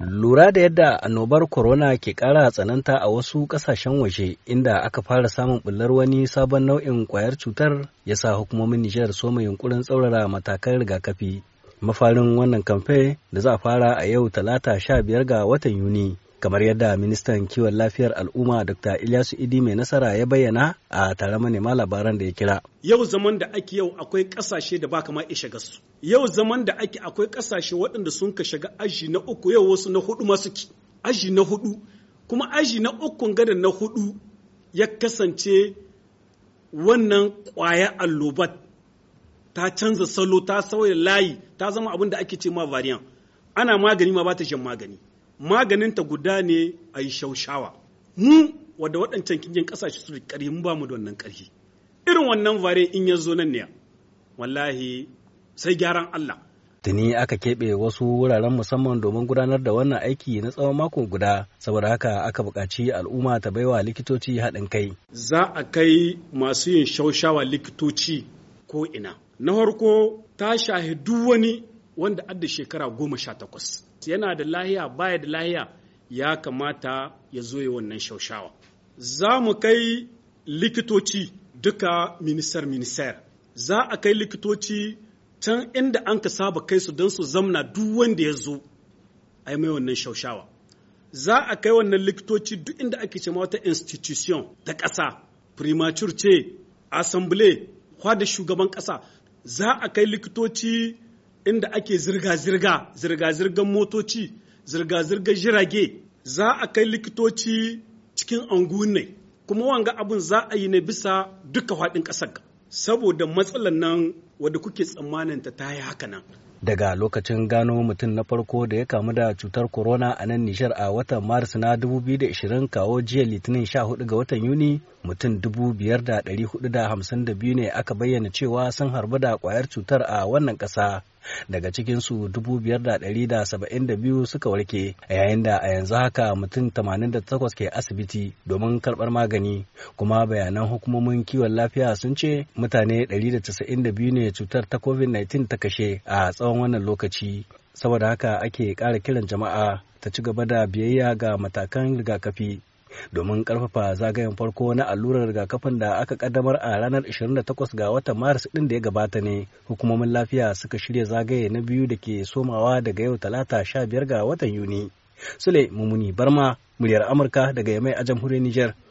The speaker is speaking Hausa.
Lura da yadda annobar corona ke ƙara tsananta a wasu ƙasashen waje inda aka fara samun ɓullar wani sabon nau'in kwayar cutar ya sa hukumomin Nijar so soma yunkurin tsaurara matakan rigakafi. Mafarin wannan kamfe da za a fara a yau talata sha biyar ga watan Yuni kamar yadda ministan kiwon lafiyar al'umma dr ilyasu idi mai nasara ya bayyana a tare manema labaran da ya kira yau zaman da ake yau akwai kasashe da baka ma shiga su yau zaman da ake akwai kasashe waɗanda sun ka shiga aji na uku yau wasu na hudu ma suke aji na hudu kuma aji na ukun gadan na hudu ya kasance wannan kwaya allobat ta canza salo ta sauya layi ta zama abin da ake ce ma variant ana magani ma ba ta shan magani maganinta guda ne a yi shaushawa mu wadda waɗancan kingin ƙasashe su ƙarfi mu ba mu da wannan ƙarfi irin wannan vare in ya zo nan ne wallahi sai gyaran Allah tuni aka keɓe wasu wuraren musamman domin gudanar da wannan aiki na tsawon mako guda saboda haka aka buƙaci al'umma ta baiwa likitoci haɗin kai za a kai masu yin shaushawa likitoci ko ina na farko ta shahi duk wani wanda adda shekara goma sha takwas yana da lahiya baya da lahiya ya kamata ya zoye wannan shaushawa za mu kai likitoci duka minisar minisar za a kai likitoci can inda an ka saba kai su don su zamna duk wanda ya zo a yi mai wannan shaushawa za a kai wannan likitoci duk inda ake cema wata institution ta ƙasa primature ce assembly da shugaban ƙasa za a kai likitoci inda ake zirga-zirga zirga-zirgar motoci zirga-zirgar jirage za a kai likitoci cikin anguwan kuma wanga abin za a yi na bisa duka faɗin ƙasar saboda matsalan nan wadda kuke tsammanin ta ta yi haka nan daga lokacin gano mutum na farko da ya kamu da cutar corona a nan Nijar a watan Maris na 2020 kawo jiya Litinin 14 ga watan Yuni mutum 5,452 ne aka bayyana cewa sun harbu da kwayar cutar a wannan kasa, Daga cikinsu 5,172 suka warke yayin da a yanzu haka mutum 88 ke asibiti domin karɓar magani kuma bayanan hukumomin kiwon lafiya sun ce mutane 192 ne cutar ta COVID-19 ta kashe a tsawon tsawon wannan lokaci saboda haka ake ƙara kiran jama'a ta ci gaba da biyayya ga matakan rigakafi domin karfafa zagayen farko na allurar rigakafin da aka kaddamar a ranar 28 ga watan maris din da ya gabata ne hukumomin lafiya suka shirya zagaye na biyu da ke somawa daga yau talata 15 ga watan yuni sule mumuni barma muryar amurka daga yamai a jamhuriyar Nijar.